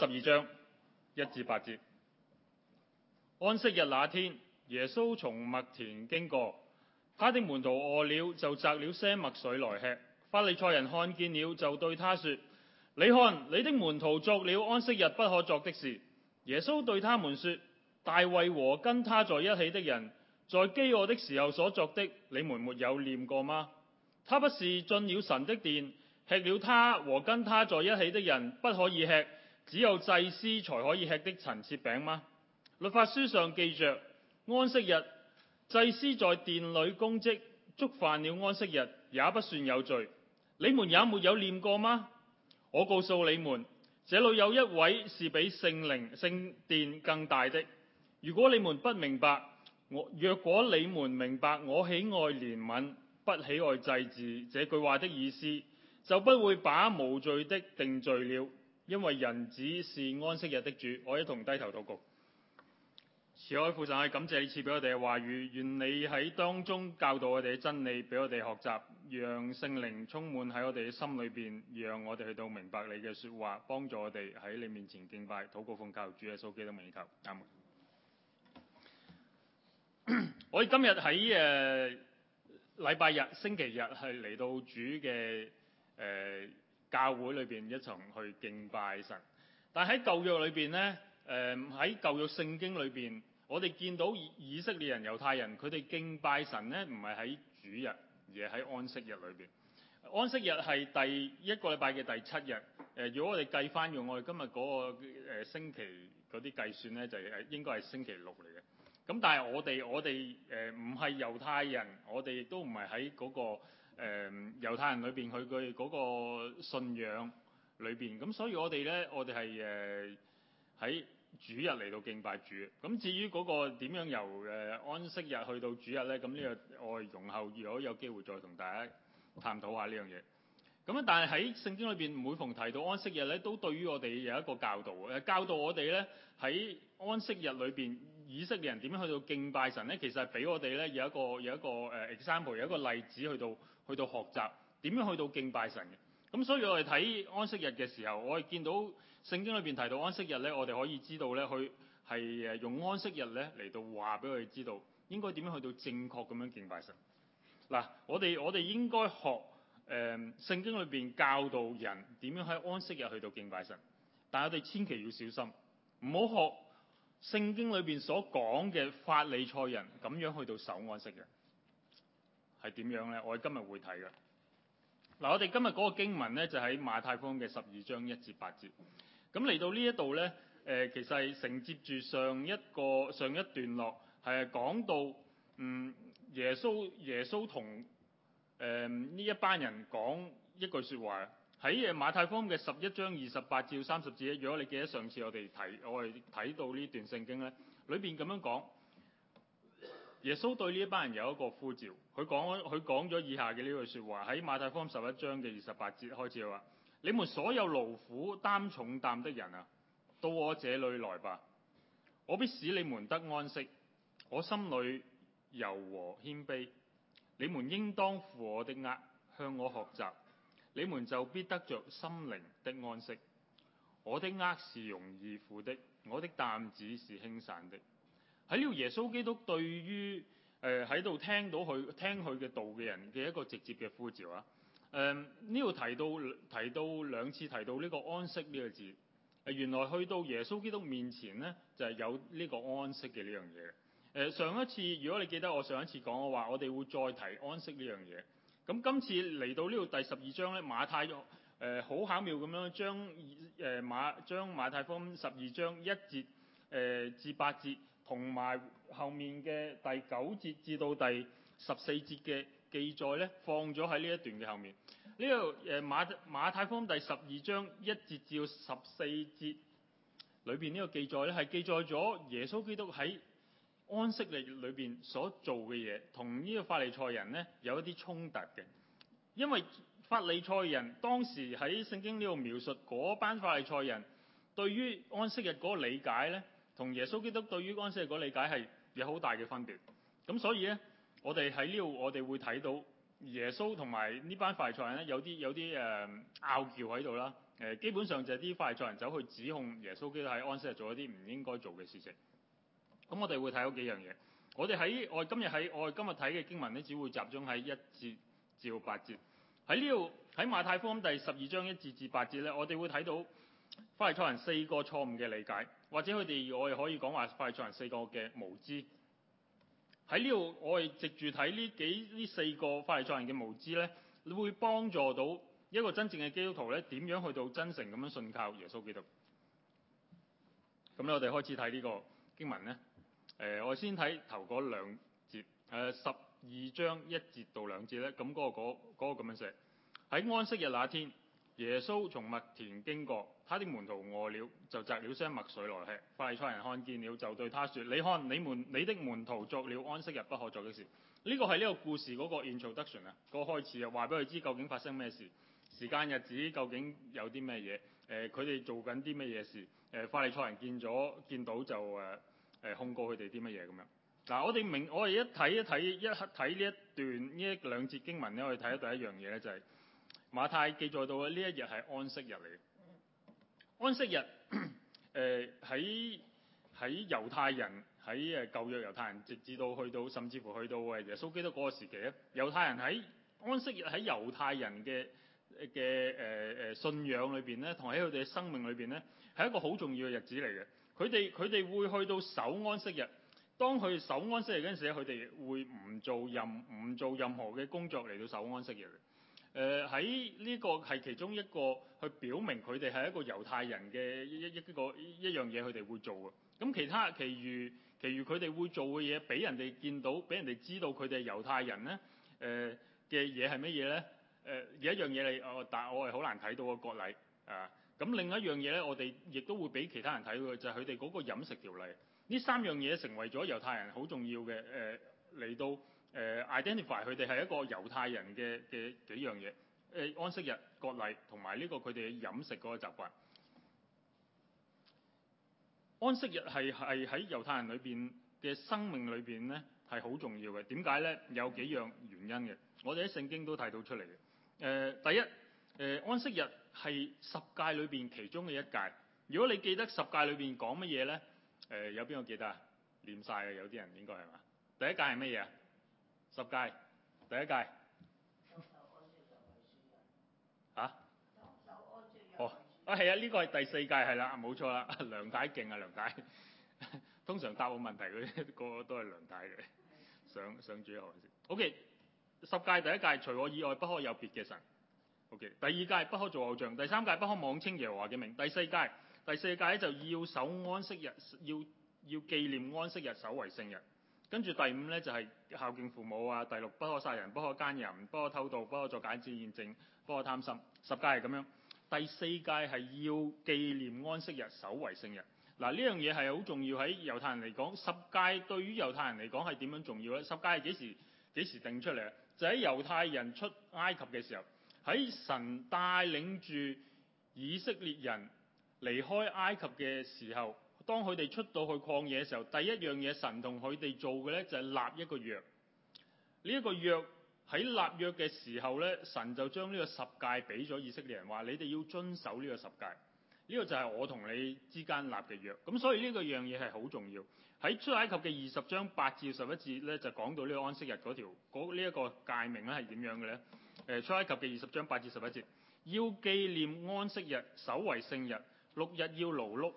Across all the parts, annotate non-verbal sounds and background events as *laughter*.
十二章一至八節，安息日那天，耶穌從麥田經過，他的門徒餓了，就摘了些麥穗來吃。法利賽人看見了，就對他說：你看，你的門徒作了安息日不可作的事。耶穌對他們說：大衛和跟他在一起的人，在飢餓的時候所作的，你們沒有念過嗎？他不是進了神的殿，吃了他和跟他在一起的人不可以吃？只有祭司才可以吃的陳設餅嗎？律法書上記着，安息日祭司在殿裏供職，觸犯了安息日也不算有罪。你們也沒有唸過嗎？我告訴你們，這裏有一位是比聖靈、聖殿更大的。如果你們不明白，我若果你們明白「我喜愛憐憫不喜愛祭祀」這句話的意思，就不會把無罪的定罪了。因為人子是安息日的主，我一同低頭禱告。慈愛父神，感謝你賜俾我哋話語，願你喺當中教導我哋真理，俾我哋學習，讓聖靈充滿喺我哋嘅心裏邊，讓我哋去到明白你嘅說話，幫助我哋喺你面前敬拜，禱告奉教主耶穌基督明白 *coughs* 我哋今日喺誒禮拜日、星期日係嚟到主嘅誒。呃教會裏邊一齊去敬拜神，但係喺舊約裏邊呢，誒喺舊約聖經裏邊，我哋見到以色列人、猶太人，佢哋敬拜神呢，唔係喺主日，而係喺安息日裏邊。安息日係第一個禮拜嘅第七日。誒、呃，如果我哋計返用我哋今日嗰、嗰個、呃、星期嗰啲計算呢，就係、呃、應該係星期六嚟嘅。咁但係我哋我哋誒唔係猶太人，我哋亦都唔係喺嗰個。誒、呃、猶太人裏面，佢佢嗰個信仰裏面。咁所以我哋呢，我哋係喺主日嚟到敬拜主。咁至於嗰個點樣由、呃、安息日去到主日呢？咁呢個我容後如果有機會再同大家探討下呢樣嘢。咁但係喺聖經裏邊每逢提到安息日呢，都對於我哋有一個教導，教導我哋呢，喺安息日裏面，以色列人點樣去到敬拜神呢？其實係俾我哋呢，有一個有一個 example 有一個例子去到。去到學習點樣去到敬拜神嘅，咁所以我哋睇安息日嘅時候，我哋見到聖經裏邊提到安息日呢，我哋可以知道呢，佢係用安息日呢嚟到話俾我哋知道應該點樣去到正確咁樣敬拜神。嗱、啊，我哋我哋應該學誒、嗯、聖經裏邊教導人點樣喺安息日去到敬拜神，但係我哋千祈要小心，唔好學聖經裏邊所講嘅法利賽人咁樣去到守安息日。係點樣呢？我哋今日會睇嘅。嗱，我哋今日嗰個經文呢，就喺、是、馬太福音嘅十二章一至八節。咁嚟到呢一度呢，其實係承接住上一個上一段落，係講到嗯耶穌耶穌同呢、呃、一班人講一句說話，喺誒馬太福音嘅十一章二十八至三十節，如果你記得上次我哋提我哋睇到呢段聖經呢裏面咁樣講。耶穌對呢一班人有一個呼召，佢講佢講咗以下嘅呢句說話，喺馬太福音十一章嘅二十八節開始話：你們所有勞苦擔重擔的人啊，到我這裏來吧，我必使你們得安息。我心裏柔和謙卑，你們應當負我的軛，向我學習，你們就必得着心靈的安息。我的軛是容易負的，我的擔子是輕省的。喺呢度，耶穌基督對於誒喺度聽到佢聽佢嘅道嘅人嘅一個直接嘅呼召啊！誒呢度提到提到兩次提到呢個安息呢個字、呃，原來去到耶穌基督面前呢，就係、是、有呢個安息嘅呢樣嘢。誒、呃、上一次如果你記得我上一次講嘅話，我哋會再提安息呢樣嘢。咁今次嚟到呢度第十二章呢，馬太誒好、呃、巧妙咁樣將馬將馬太福音十二章一節至、呃、八節。同埋後面嘅第九節至到第十四節嘅記載呢，放咗喺呢一段嘅後面。呢度誒馬馬太福音第十二章一節至到十四節裏面，呢個記載呢係記載咗耶穌基督喺安息日裏面所做嘅嘢，同呢個法利賽人呢，有一啲衝突嘅。因為法利賽人當時喺聖經呢度描述嗰班法利賽人對於安息日嗰個理解呢，同耶穌基督對於安息日嗰理解係有好大嘅分別，咁所以呢，我哋喺呢度我哋會睇到耶穌同埋呢班法利賽人呢，有啲有啲誒拗撬喺度啦，基本上就係啲法利賽人走去指控耶穌基督喺安息日做一啲唔應該做嘅事情，咁我哋會睇到幾樣嘢。我哋喺我今日喺我哋今日睇嘅經文呢，只會集中喺一節至到八節。喺呢度喺馬太福音第十二章一節至八節呢，我哋會睇到。法利賽人四個錯誤嘅理解，或者佢哋我哋可以講話法利賽人四個嘅無知。喺呢度我哋藉住睇呢幾呢四個法利賽人嘅無知咧，會幫助到一個真正嘅基督徒咧，點樣去到真誠咁樣信靠耶穌基督。咁咧我哋開始睇呢個經文咧。誒、呃、我先睇頭嗰兩節，十、呃、二章一節到兩節咧。咁、那、嗰個嗰咁、那個那個、樣寫喺安息日那天，耶穌從麥田經過，他的門徒餓了，就摘了些麥穗來吃。法利賽人看見了，就對他說：你看你們，你的門徒作了安息日不可作的事。呢個係呢個故事嗰個 introduction 啊，個開始啊，話俾佢知究竟發生咩事，時間日子究竟有啲咩嘢？誒，佢哋做緊啲咩嘢事？誒，法利賽人見咗，見到就誒誒控告佢哋啲乜嘢咁樣。嗱，我哋明，我哋一睇一睇一睇呢一段呢一兩節經文咧，我哋睇到第一樣嘢咧就係、是。馬太記載到嘅呢一日係安息日嚟嘅。安息日，喺、呃、喺猶太人喺誒舊約猶太人，直至到去到甚至乎去到耶穌基督嗰個時期咧，猶太人喺安息日喺猶太人嘅嘅、呃、信仰裏面，咧，同喺佢哋嘅生命裏面，咧，係一個好重要嘅日子嚟嘅。佢哋佢哋會去到守安息日。當佢守安息日嗰陣時咧，佢哋會唔做任唔做任何嘅工作嚟到守安息日。誒喺呢個係其中一個去表明佢哋係一個猶太人嘅一一個一,一樣嘢，佢哋會做嘅。咁其他其餘其餘佢哋會做嘅嘢，俾人哋見到，俾人哋知道佢哋係猶太人咧。誒嘅嘢係乜嘢咧？誒、呃、有一樣嘢嚟，但我係好難睇到個割禮。啊。咁另一樣嘢咧，我哋亦都會俾其他人睇到嘅，就係佢哋嗰個飲食條例。呢三樣嘢成為咗猶太人好重要嘅誒嚟到。誒、uh, identify 佢哋係一個猶太人嘅嘅幾樣嘢，誒、uh, 安息日、割禮同埋呢個佢哋嘅飲食嗰個習慣。Uh, 安息日係係喺猶太人裏邊嘅生命裏邊咧係好重要嘅。點解咧？有幾樣原因嘅。我哋喺聖經都睇到出嚟嘅。誒、uh, 第一誒、uh, 安息日係十戒裏邊其中嘅一戒。如果你記得十戒裏邊講乜嘢咧？誒、uh, 有邊個記得啊？念曬嘅有啲人應該係嘛？第一戒係乜嘢啊？十誡第一誡，吓、啊？哦，啊係啊，呢、這個係第四誡係啦，冇、啊、錯啦，梁太勁啊，梁太， *laughs* 通常答我問題嗰啲個個都係梁太嚟，想上主學先。O、okay, K，十誡第一誡，除我以外不可有別嘅神。O、okay, K，第二誡不可做偶像，第三誡不可妄稱耶和華嘅名，第四誡第四誡咧就要守安息日，要要紀念安息日，守為聖日。跟住第五呢，就係、是、孝敬父母啊，第六不可殺人，不可姦淫，不可偷盜，不可作假證驗證，不可貪心。十戒係咁樣。第四戒係要紀念安息日、守為聖日。嗱，呢樣嘢係好重要，喺猶太人嚟講。十戒對於猶太人嚟講係點樣重要呢？十戒係幾時幾時定出嚟啊？就喺猶太人出埃及嘅時候，喺神帶領住以色列人離開埃及嘅時候。當佢哋出到去曠野嘅時候，第一樣嘢神同佢哋做嘅呢，就係立一個約。呢、這、一個約喺立約嘅時候呢，神就將呢個十誡俾咗以色列人，話你哋要遵守呢個十誡。呢、這個就係我同你之間立嘅約。咁所以呢個樣嘢係好重要。喺出埃及記二十章八至十一節呢，就講到呢個安息日嗰條呢一個誡命咧係點樣嘅呢？誒、呃，出埃及記二十章八至十一節，要紀念安息日，守為聖日，六日要勞碌。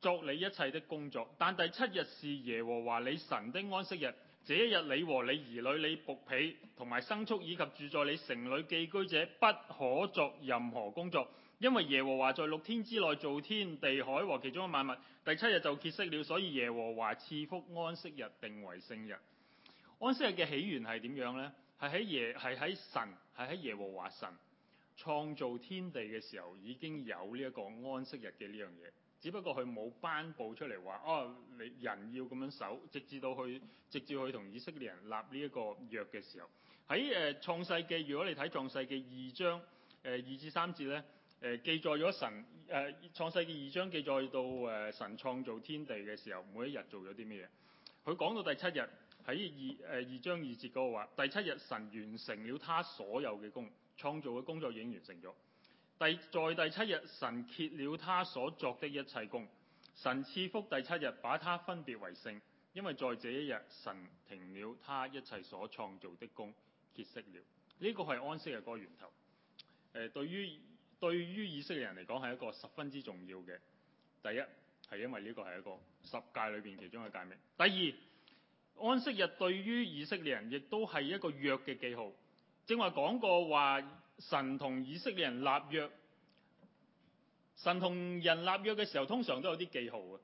作你一切的工作，但第七日是耶和華你神的安息日。這一日，你和你兒女、你僕婢同埋牲畜以及住在你城裏寄居者，不可作任何工作，因為耶和華在六天之內造天地海和其中的萬物，第七日就歇息了。所以耶和華賜福安息日，定為聖日。安息日嘅起源係點樣呢？係喺耶係喺神係喺耶和華神創造天地嘅時候，已經有呢一個安息日嘅呢樣嘢。只不過佢冇頒布出嚟話，哦，你人要咁樣守，直至到去，直至去同以色列人立呢一個約嘅時候，喺誒、呃、創世記，如果你睇創世記二章、呃、二至三節呢，誒、呃、記載咗神誒、呃、創世記二章記載到、呃、神創造天地嘅時候，每一日做咗啲咩嘢？佢講到第七日喺二、呃、二章二節嗰度話，第七日神完成了他所有嘅工，創造嘅工作已經完成咗。第在第七日，神揭了他所作的一切工。神賜福第七日，把他分別為聖，因為在這一日，神停了他一切所創造的工。歇息了。呢個係安息日個源頭。呃、對於對於以色列人嚟講，係一個十分之重要嘅。第一，係因為呢個係一個十誡裏邊其中嘅誡命。第二，安息日對於以色列人亦都係一個約嘅記號。正話講過話。神同以色列人立約，神同人立約嘅時候，通常都有啲記號嘅。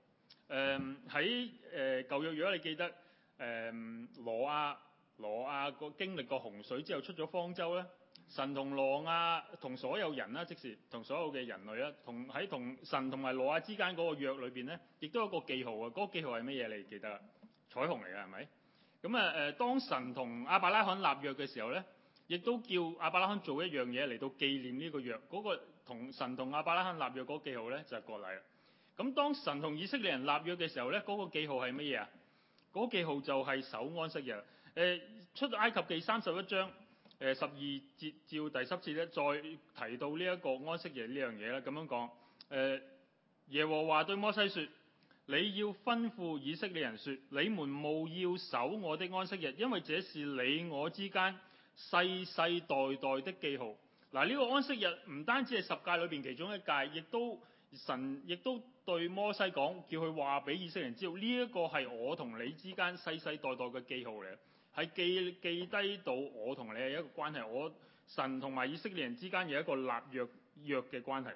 誒喺誒舊約如果你記得，誒、嗯、羅亞羅亞個經歷過洪水之後出咗方舟咧，神同羅亞同所有人啦，即時同所有嘅人類啦，同喺同神同埋羅亞之間嗰個約裏面咧，亦都有個記號嘅。嗰個記號係咩嘢？你記得彩虹嚟嘅係咪？咁啊、嗯、當神同亞伯拉罕立約嘅時候咧。亦都叫亞伯拉罕做一樣嘢嚟到紀念呢個約嗰，那個同神同亞伯拉罕立約嗰個記號呢，就係、是、割禮啦。咁當神同以色列人立約嘅時候呢，嗰，那個記號係乜嘢啊？嗰，那個記號就係守安息日。呃、出埃及記三十一章十二、呃、節至第十節咧，再提到呢一個安息日呢樣嘢啦。咁樣講、呃、耶和華對摩西說：「你要吩咐以色列人說，你們務要守我的安息日，因為這是你我之間。世世代代的記號，嗱、這、呢個安息日唔單止係十戒裏邊其中一戒，亦都神亦都對摩西講，叫佢話俾以色列人知道，呢、這、一個係我同你之間世世代代嘅記號嚟，係記記低到我同你係一個關係，我神同埋以色列人之間有一個立約約嘅關係，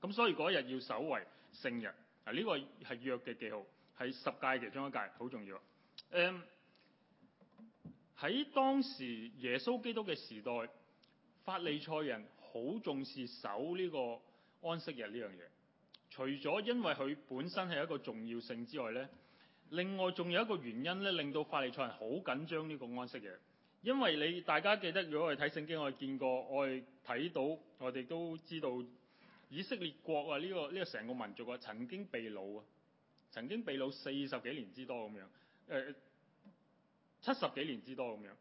咁所以嗰一日要守為聖日，嗱、這、呢個係約嘅記號，係十戒其中一戒，好重要，誒、um,。喺當時耶穌基督嘅時代，法利賽人好重視守呢個安息日呢樣嘢。除咗因為佢本身係一個重要性之外呢，另外仲有一個原因呢，令到法利賽人好緊張呢個安息日。因為你大家記得，如果我哋睇聖經，我哋見過，我哋睇到，我哋都知道，以色列國啊，呢個呢個成個民族啊，曾經被擄啊，曾經被擄四十幾年之多咁樣。誒、呃。七十幾年之多咁樣，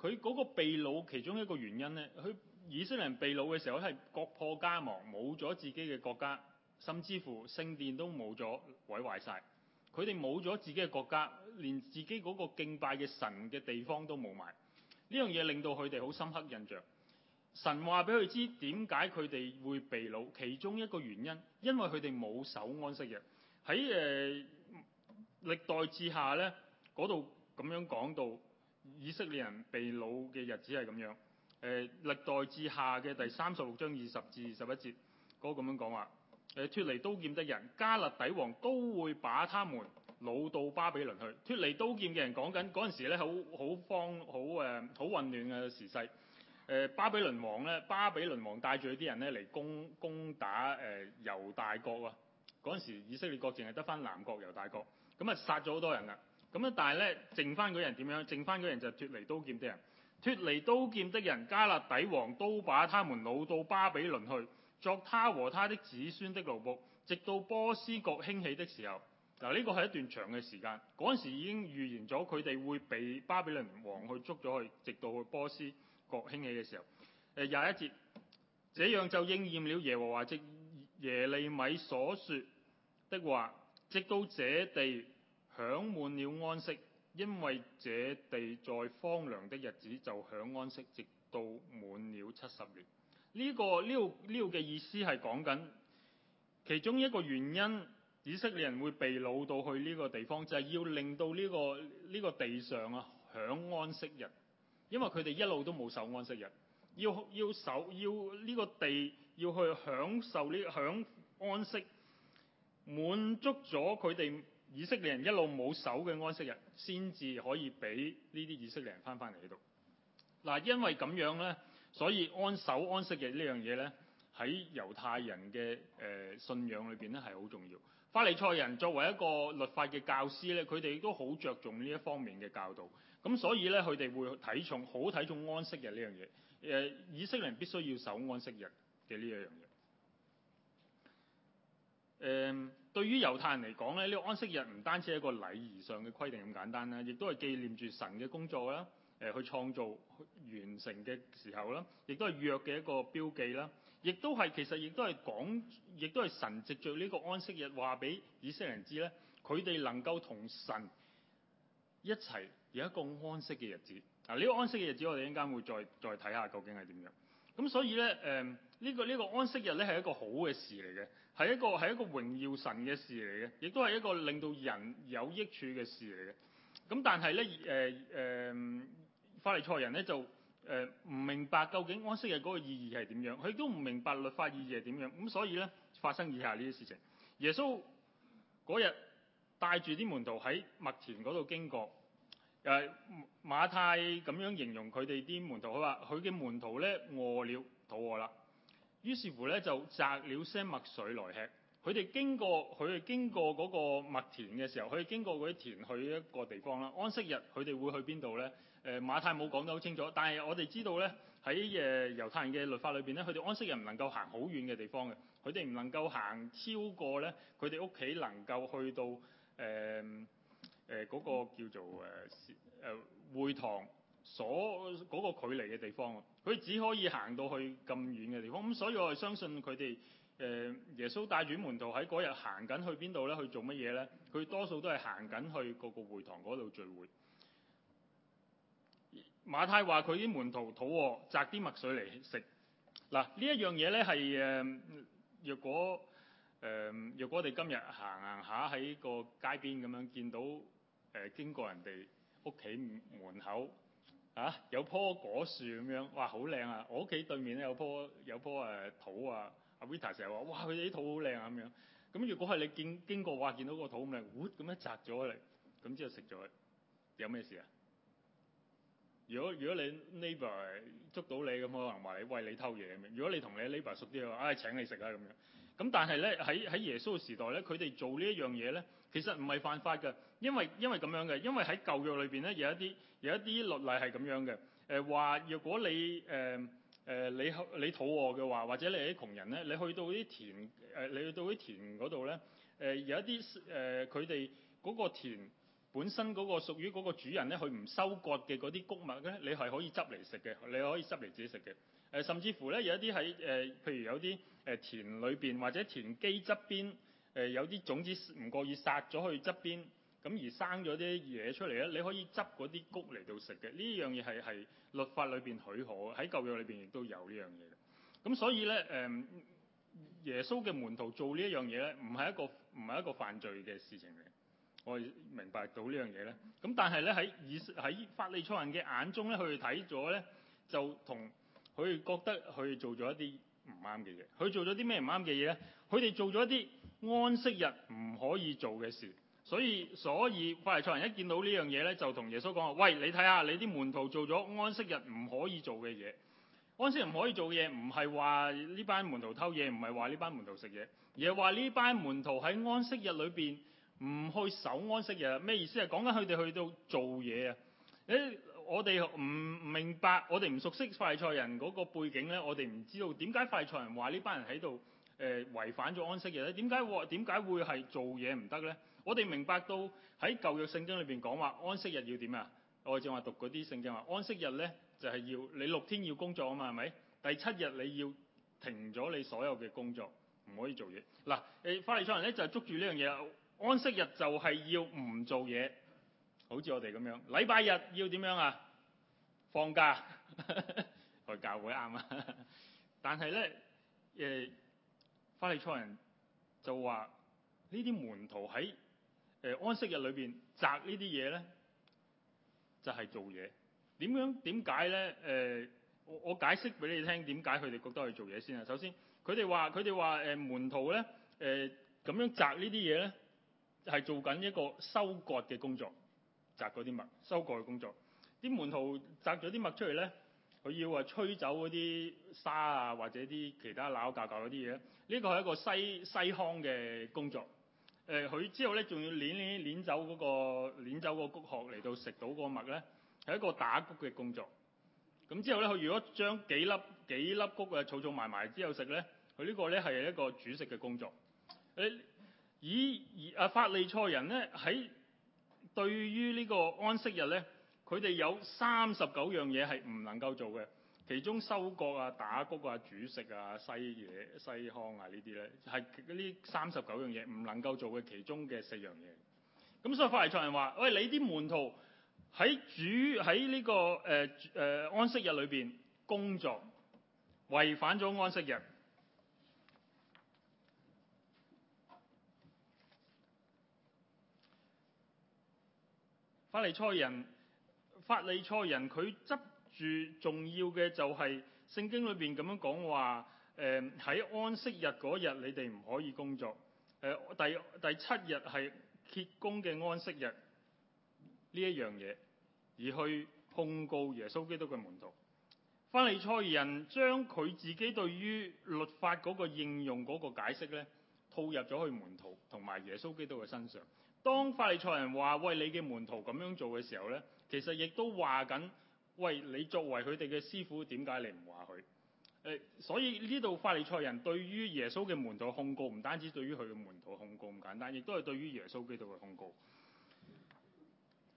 佢嗰個被擄其中一個原因呢，佢以色列人被擄嘅時候，係國破家亡，冇咗自己嘅國家，甚至乎聖殿都冇咗，毀壞晒。佢哋冇咗自己嘅國家，連自己嗰個敬拜嘅神嘅地方都冇埋。呢樣嘢令到佢哋好深刻印象。神話俾佢知點解佢哋會被擄，其中一個原因，因為佢哋冇守安息日。喺誒、呃、歷代志下呢，嗰度。咁樣講到以色列人被擄嘅日子係咁樣，誒歷代之下的志下嘅第三十六章二十至二十一節嗰咁、那個、樣講話，誒脱離刀劍的人迦勒底王都會把他們擄到巴比倫去。脱離刀劍嘅人講緊嗰陣時咧，好好慌好誒好、好混亂嘅時勢。巴比倫王咧，巴比倫王帶住啲人咧嚟攻攻打誒、呃、猶大國啊。嗰陣時候以色列國淨係得返南國猶大國，咁啊殺咗好多人啊。」咁但係咧，剩翻嗰人點樣？剩翻嗰人就脱離刀劍的人，脱離刀劍的人，加勒底王都把他們攞到巴比倫去，作他和他的子孫的奴僕，直到波斯國興起的時候。嗱，呢個係一段長嘅時間。嗰陣時已經預言咗佢哋會被巴比倫王去捉咗去，直到去波斯國興起嘅時候。又廿一節，這樣就應驗了耶和華即耶利米所說的話，直到這地。享滿了安息，因為這地在荒涼的日子就享安息，直到滿了七十年。呢、這個呢、這個呢、這個嘅意思係講緊其中一個原因，以色列人會被擄到去呢個地方，就係、是、要令到呢、這個呢、這個地上啊享安息日，因為佢哋一路都冇守安息日，要要守要呢個地要去享受呢享安息，滿足咗佢哋。以色列人一路冇守嘅安息日，先至可以俾呢啲以色列人翻翻嚟呢度。嗱，因為咁樣咧，所以安守安息日呢樣嘢咧，喺猶太人嘅誒信仰裏邊咧係好重要。法利賽人作為一個律法嘅教師咧，佢哋都好着重呢一方面嘅教導。咁所以咧，佢哋會睇重好睇重安息日呢樣嘢。誒，以色列人必須要守安息日嘅呢一樣嘢。誒、嗯，對於猶太人嚟講咧，呢、這個安息日唔單止係一個禮儀上嘅規定咁簡單啦，亦都係紀念住神嘅工作啦，誒、呃，去創造完成嘅時候啦，亦都係約嘅一個標記啦，亦都係其實亦都係講，亦都係神藉著呢個安息日話俾以色列人知咧，佢哋能夠同神一齊有一個安息嘅日子。啊，呢個安息嘅日子，我哋一陣會再再睇下究竟係點樣。咁所以咧，呢、嗯這個呢、這個安息日咧，係一個好嘅事嚟嘅，係一個係一個榮耀神嘅事嚟嘅，亦都係一個令到人有益處嘅事嚟嘅。咁、嗯、但係咧，誒、呃呃、法利賽人咧就唔、呃、明白究竟安息日嗰個意義係點樣，佢都唔明白律法意義係點樣。咁所以咧，發生以下呢啲事情。耶穌嗰日帶住啲門徒喺麥田嗰度經過。誒馬太咁樣形容佢哋啲門徒，佢話：佢嘅門徒呢餓了肚餓啦，於是乎呢，就摘了些麥穗來吃。佢哋經過，佢哋經過嗰個麥田嘅時候，佢哋經過嗰啲田去一個地方啦。安息日佢哋會去邊度呢？誒馬太冇講得好清楚，但係我哋知道呢，喺誒猶太人嘅律法裏邊呢，佢哋安息日唔能夠行好遠嘅地方嘅，佢哋唔能夠行超過呢，佢哋屋企能夠去到誒誒嗰個叫做誒。呃會堂所嗰、那個距離嘅地方，佢只可以行到去咁遠嘅地方。咁所以我係相信佢哋，耶穌帶住門徒喺嗰日行緊去邊度呢？去做乜嘢呢？佢多數都係行緊去個個會堂嗰度聚會。馬太話佢啲門徒肚餓，摘啲麥穗嚟食。嗱，呢一樣嘢呢，係誒，若果若果我哋今日行行下喺個街邊咁樣，見到誒、呃、經過人哋。屋企門口啊，有棵果樹咁樣，哇，好靚啊！我屋企對面咧有棵有棵誒桃啊，阿、啊、Vita 成日話：哇，佢哋啲桃好靚啊咁樣。咁如果係你經經過哇，見到個桃咁靚，喎咁樣摘咗嚟，咁之後食咗，佢，有咩事啊？如果如果你 neighbour 捉到你，咁可能話你喂，你偷嘢。如果你同你 neighbour 熟啲嘅話，唉、啊、請你食啊。」咁樣。咁但係咧喺喺耶穌嘅時代咧，佢哋做呢一樣嘢咧。其實唔係犯法嘅，因為因為咁樣嘅，因為喺舊約裏邊咧有一啲有一啲律例係咁樣嘅，誒、呃、話如果你誒誒、呃、你你肚餓嘅話，或者你係啲窮人咧，你去到啲田誒、呃，你去到啲田嗰度咧，誒、呃、有一啲誒佢哋嗰個田本身嗰個屬於嗰個主人咧，佢唔收割嘅嗰啲穀物咧，你係可以執嚟食嘅，你可以執嚟自己食嘅。誒、呃、甚至乎咧有一啲喺誒，譬如有啲誒田裏邊或者田基側邊。誒、呃、有啲種子唔過意殺咗去側邊，咁而生咗啲嘢出嚟咧。你可以執嗰啲穀嚟到食嘅，呢樣嘢係係律法裏邊許可，喺舊約裏邊亦都有呢樣嘢，咁所以咧、嗯，耶穌嘅門徒做呢一樣嘢咧，唔係一個唔係一個犯罪嘅事情嚟。我明白到呢樣嘢咧。咁但係咧喺以喺法利賽人嘅眼中咧，佢哋睇咗咧就同佢覺得佢做咗一啲唔啱嘅嘢。佢做咗啲咩唔啱嘅嘢咧？佢哋做咗一啲。安息日唔可以做嘅事，所以所以，法利賽人一見到呢樣嘢咧，就同耶穌講話：「喂，你睇下你啲門徒做咗安息日唔可以做嘅嘢。安息日唔可以做嘢，唔係話呢班門徒偷嘢，唔係話呢班門徒食嘢，而係話呢班門徒喺安息日裏邊唔去守安息日。咩意思啊？講緊佢哋去到做嘢啊！誒，我哋唔明白，我哋唔熟悉法利賽人嗰個背景咧，我哋唔知道點解法利賽人話呢班人喺度。誒、呃、違反咗安息日咧？點解？點解會係做嘢唔得咧？我哋明白到喺舊約聖經裏邊講話安息日要點啊？我哋淨係讀嗰啲聖經話安息日咧就係、是、要你六天要工作啊嘛，係咪？第七日你要停咗你所有嘅工作，唔可以做嘢。嗱、啊，誒法利賽人咧就是、捉住呢樣嘢，安息日就係要唔做嘢，好似我哋咁樣。禮拜日要點樣啊？放假？去 *laughs* 教會啱啊 *laughs* 但是呢？但係咧誒？法利賽人就話：呢啲門徒喺、呃、安息日裏面摘呢啲嘢咧，就係、是、做嘢。點樣點解咧？我我解釋俾你聽點解佢哋覺得去做嘢先啊。首先，佢哋話佢哋話門徒咧誒咁樣摘呢啲嘢咧，係做緊一個收割嘅工作，摘嗰啲麥，收割嘅工作。啲門徒摘咗啲麥出嚟咧。佢要話吹走嗰啲沙啊，或者啲其他攋攋攋嗰啲嘢，呢個係一個西西康嘅工作。佢、呃、之後呢，仲要攣攣攣走嗰、嗰個攣走個谷殼嚟到食到個麥呢，係一個打谷嘅工作。咁之後呢，佢如果將幾粒幾粒谷啊儲儲埋埋之後食呢，佢呢個呢係一個煮食嘅工作。誒，以而法利賽人呢，喺對於呢個安息日呢，佢哋有三十九樣嘢係唔能夠做嘅，其中收割啊、打谷啊、煮食啊、西嘢、西康啊呢啲咧，係呢三十九樣嘢唔能夠做嘅其中嘅四樣嘢。咁所以法利賽人話：「喂，你啲門徒喺主喺呢個誒誒安息日裏邊工作，違反咗安息日。」法利賽人。法利賽人佢執住重要嘅就係聖經裏面咁樣講話，喺、嗯、安息日嗰日你哋唔可以工作，嗯、第第七日係歇工嘅安息日呢一樣嘢，而去控告耶穌基督嘅門徒。法利賽人將佢自己對於律法嗰個應用嗰個解釋呢套入咗去門徒同埋耶穌基督嘅身上。當法利賽人話，喂，你嘅門徒咁樣做嘅時候呢，」其實亦都話緊，喂！你作為佢哋嘅師傅，點解你唔話佢？所以呢度法利賽人對於耶穌嘅門徒控告，唔單止對於佢嘅門徒控告咁簡單，亦都係對於耶穌基督嘅控告。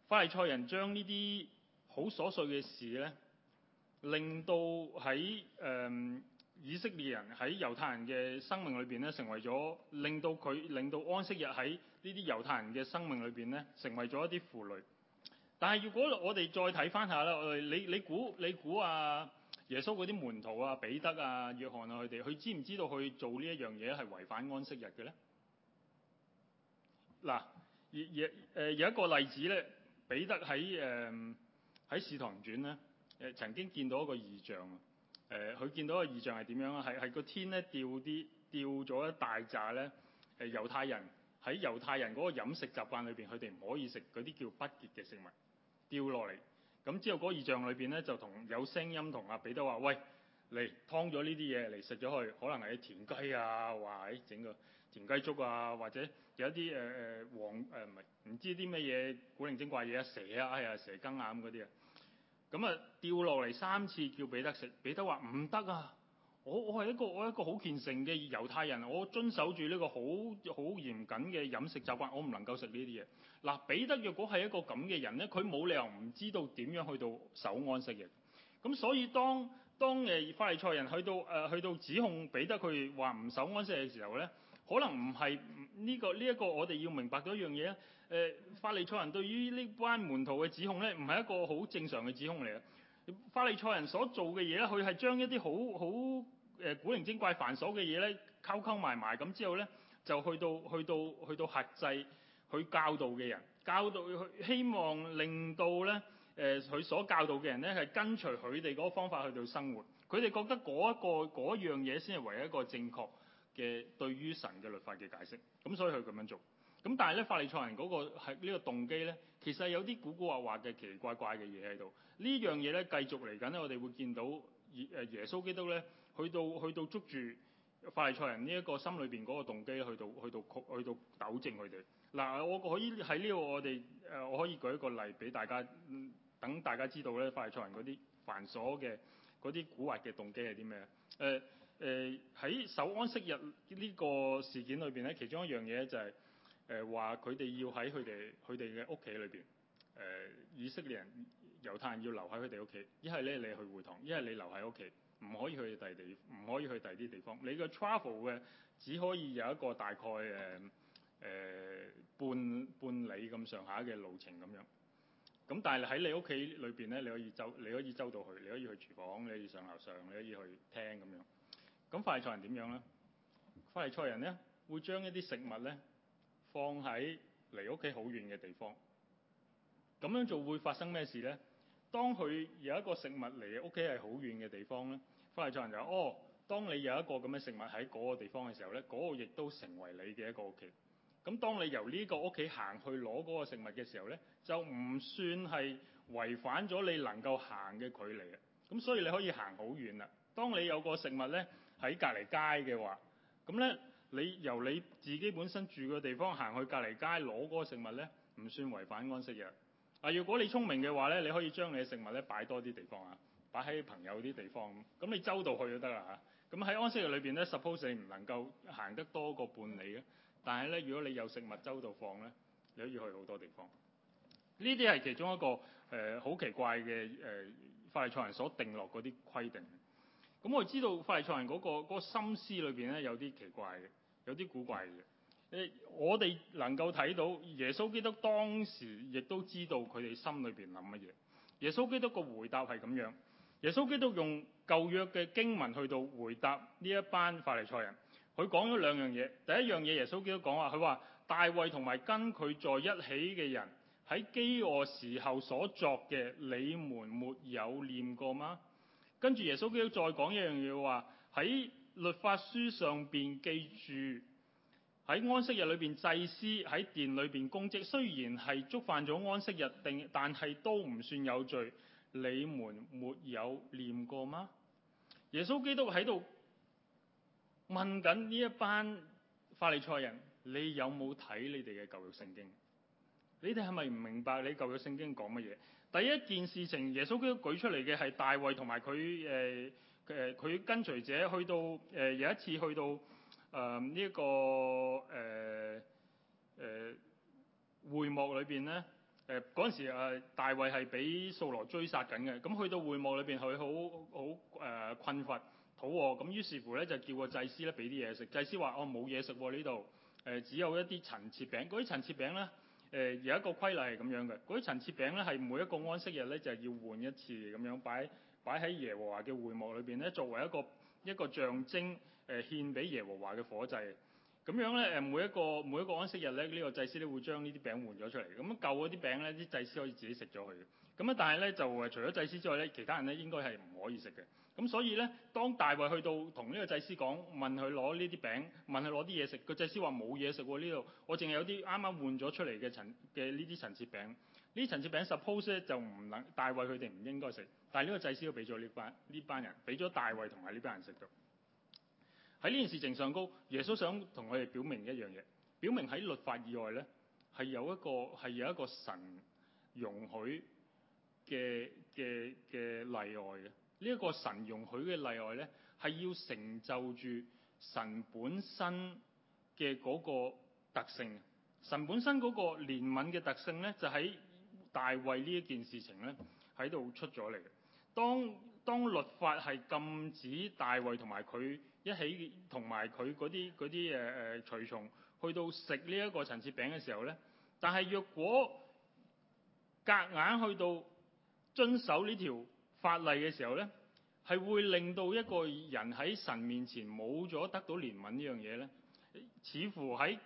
法利賽人將呢啲好瑣碎嘅事呢，令到喺誒、嗯、以色列人喺猶太人嘅生命裏面呢，成為咗令到佢令到安息日喺呢啲猶太人嘅生命裏面呢，成為咗一啲負累。但係如果我哋再睇翻下啦，你你估你估啊，耶穌嗰啲門徒啊，彼得啊、約翰啊佢哋，佢知唔知道佢做呢一樣嘢係違反安息日嘅咧？嗱、啊，有有、呃、一個例子咧，彼得喺誒喺《呃、使徒行傳呢》咧、呃，曾經見到一個異象，誒、呃、佢見到一個異象係點樣啊？係係個天咧掉啲掉咗一大扎咧，誒、呃、猶太人喺猶太人嗰個飲食習慣裏面，佢哋唔可以食嗰啲叫不潔嘅食物。掉落嚟，咁之後嗰異象裏邊咧就同有聲音同阿彼得話，喂，嚟劏咗呢啲嘢嚟食咗佢，可能係田雞啊，或係整個田雞粥啊，或者有一啲誒誒黃誒唔係，唔、呃、知啲乜嘢古靈精怪嘢啊，蛇啊，哎啊，蛇羹啊咁嗰啲啊，咁啊掉落嚟三次叫彼得食，彼得話唔得啊。我我係一個我係一個好虔誠嘅猶太人，我遵守住呢個好好嚴謹嘅飲食習慣，我唔能夠食呢啲嘢。嗱，彼得若果係一個咁嘅人咧，佢冇理由唔知道點樣去到守安息嘅。咁所以當當誒法利賽人去到誒、呃、去到指控彼得佢話唔守安息嘅時候咧，可能唔係呢個呢一、呢個我哋要明白到一樣嘢咧。誒、呃，法利賽人對於呢班門徒嘅指控咧，唔係一個好正常嘅指控嚟嘅。法利賽人所做嘅嘢咧，佢係將一啲好好誒古靈精怪、繁瑣嘅嘢咧，溝溝埋埋咁之後咧，就去到去到去到核制佢教導嘅人，教導希望令到咧誒佢所教導嘅人咧係跟隨佢哋嗰個方法去到生活。佢哋覺得嗰一個嗰樣嘢先係唯一一個正確嘅對於神嘅律法嘅解釋。咁所以佢咁樣做。咁但係咧，法利賽人嗰個係呢個動機咧，其實有啲古古惑惑嘅奇奇怪怪嘅嘢喺度。呢樣嘢咧繼續嚟緊咧，我哋會見到耶，耶穌基督咧。去到去到捉住法利賽人呢一個心裏邊嗰個動機去到去到去到糾正佢哋。嗱、啊，我可以喺呢度我哋，我可以舉一個例俾大家，等大家知道咧法利賽人嗰啲繁瑣嘅嗰啲古惑嘅動機係啲咩？誒誒喺守安息日呢個事件裏邊咧，其中一樣嘢就係誒話佢哋要喺佢哋佢哋嘅屋企裏邊誒、呃、以色列人猶太人要留喺佢哋屋企，一係咧你去會堂，一係你留喺屋企。唔可以去第地，唔可以去第啲地方。你個 travel 嘅只可以有一個大概誒誒、呃、半半里咁上下嘅路程咁樣。咁但係喺你屋企裏邊咧，你可以周你可以周到去，你可以去廚房，你可以上樓上，你可以去廳咁樣。咁快菜人點樣咧？快菜人咧會將一啲食物咧放喺離屋企好遠嘅地方。咁樣做會發生咩事咧？當佢有一個食物嚟，你屋企係好遠嘅地方呢，翻嚟做人就哦。當你有一個咁嘅食物喺嗰個地方嘅時候呢，嗰個亦都成為你嘅一個屋企。咁當你由呢個屋企行去攞嗰個食物嘅時候呢，就唔算係違反咗你能夠行嘅距離啊。咁所以你可以行好遠啦。當你有個食物呢，喺隔離街嘅話，咁呢你由你自己本身住嘅地方行去隔離街攞嗰個食物呢，唔算違反安息日。嗱，如果你聰明嘅話咧，你可以將你嘅食物咧擺多啲地方啊，擺喺朋友啲地方咁。你周到去就得啦嚇。咁喺安息日裏邊咧，suppose 你唔能夠行得多過半里嘅。但係呢，如果你有食物周到放咧，你可以去好多地方。呢啲係其中一個誒好、呃、奇怪嘅誒、呃、法利賽人所定落嗰啲規定。咁我知道法利賽人嗰、個嗰個心思裏邊咧有啲奇怪嘅，有啲古怪嘅。嗯。我哋能夠睇到耶穌基督當時亦都知道佢哋心裏面諗乜嘢。耶穌基督個回答係咁樣。耶穌基督用舊約嘅經文去到回答呢一班法利賽人。佢講咗兩樣嘢。第一樣嘢，耶穌基督講話，佢話大衛同埋跟佢在一起嘅人喺飢餓時候所作嘅，你們沒有念過嗎？跟住耶穌基督再講一樣嘢，話喺律法書上面記住。喺安息日裏邊，祭司喺殿裏邊供職，雖然係觸犯咗安息日定，定但係都唔算有罪。你們沒有念過嗎？耶穌基督喺度問緊呢一班法利賽人：你有冇睇你哋嘅舊約聖經？你哋係咪唔明白你舊約聖經講乜嘢？第一件事情，耶穌基督舉出嚟嘅係大衛同埋佢誒誒佢跟隨者去到誒、呃、有一次去到。誒、嗯這個呃呃、呢個誒誒會幕裏邊咧，嗰、呃、時大衛係俾掃羅追殺緊嘅，咁去到會幕裏面佢好，佢好好困乏、肚餓，咁於是乎咧就叫個祭司咧俾啲嘢食。祭司話：哦，冇嘢食喎呢度，只有一啲陳設餅。嗰啲陳設餅咧，誒、呃、有一個規例係咁樣嘅，嗰啲陳設餅咧係每一個安息日咧就係要換一次咁樣擺擺喺耶和華嘅會幕裏邊咧，作為一個一個象徵。誒獻俾耶和華嘅火祭，咁樣咧誒每一個每一個安息日咧，呢個祭司咧會將呢啲餅換咗出嚟，咁舊嗰啲餅咧，啲祭司可以自己食咗佢嘅，咁啊但係咧就誒除咗祭司之外咧，其他人咧應該係唔可以食嘅，咁所以咧當大衛去到同呢個祭司講，問佢攞呢啲餅，問佢攞啲嘢食，個祭司話冇嘢食喎呢度，我淨係有啲啱啱換咗出嚟嘅陳嘅呢啲陳設餅，呢陳設餅 suppose 咧就唔能大衛佢哋唔應該食，但係呢個祭司都俾咗呢班呢班人，俾咗大衛同埋呢班人食到。喺呢件事情上高，耶穌想同我哋表明一樣嘢，表明喺律法以外咧，係有一個係有一個神容許嘅嘅嘅例外嘅。呢一個神容許嘅例外咧，係要成就住神本身嘅嗰個特性。神本身嗰個憐憫嘅特性咧，就喺大衛呢一件事情咧，喺度出咗嚟嘅。當當律法係禁止大衛同埋佢。一起同埋佢嗰啲嗰啲誒誒隨從去到食呢一個陳設餅嘅時候咧，但係若果隔硬硬去到遵守呢條法例嘅時候咧，係會令到一個人喺神面前冇咗得到憐憫呢樣嘢咧。似乎喺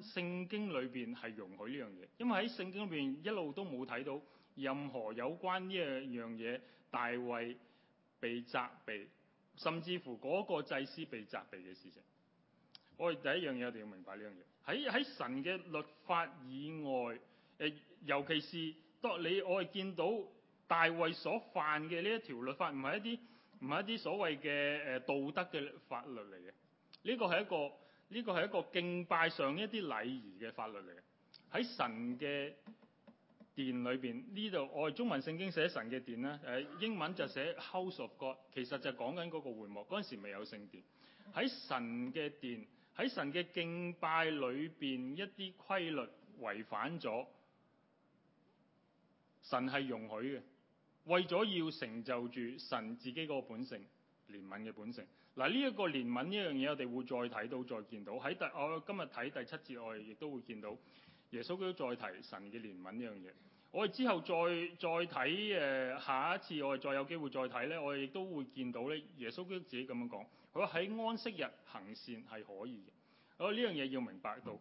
聖經裏邊係容許呢樣嘢，因為喺聖經裏邊一路都冇睇到任何有關呢一樣嘢，大衛被責備。甚至乎嗰個祭司被責備嘅事情，我哋第一樣嘢一定要明白呢樣嘢喺喺神嘅律法以外，誒、呃、尤其是當你我哋見到大衛所犯嘅呢一條律法，唔係一啲唔係一啲所謂嘅誒、呃、道德嘅法律嚟嘅，呢個係一個呢個係一個敬拜上一啲禮儀嘅法律嚟嘅喺神嘅殿裏邊呢度，我係中文聖經寫神嘅殿咧，誒英文就寫 House of God，其實就講緊嗰個會幕。嗰陣時未有聖殿，喺神嘅殿，喺神嘅敬拜裏邊一啲規律違反咗，神係容許嘅，為咗要成就住神自己嗰個本性，憐憫嘅本性。嗱呢一個憐憫呢樣嘢，我哋會再睇到、再見到喺第我、哦、今日睇第七節，我哋亦都會見到耶穌佢都再提神嘅憐憫呢樣嘢。我哋之後再再睇誒下一次我們再有機會再看，我哋再有機會再睇呢。我哋都會見到呢，耶穌基督自己咁樣講，佢話喺安息日行善係可以嘅。好，呢樣嘢要明白到。